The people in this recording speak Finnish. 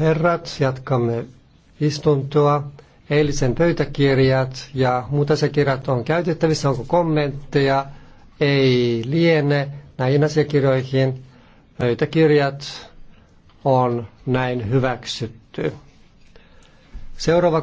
herrat, jatkamme istuntoa. Eilisen pöytäkirjat ja muut asiakirjat on käytettävissä. Onko kommentteja? Ei liene näihin asiakirjoihin. Pöytäkirjat on näin hyväksytty. Seuraava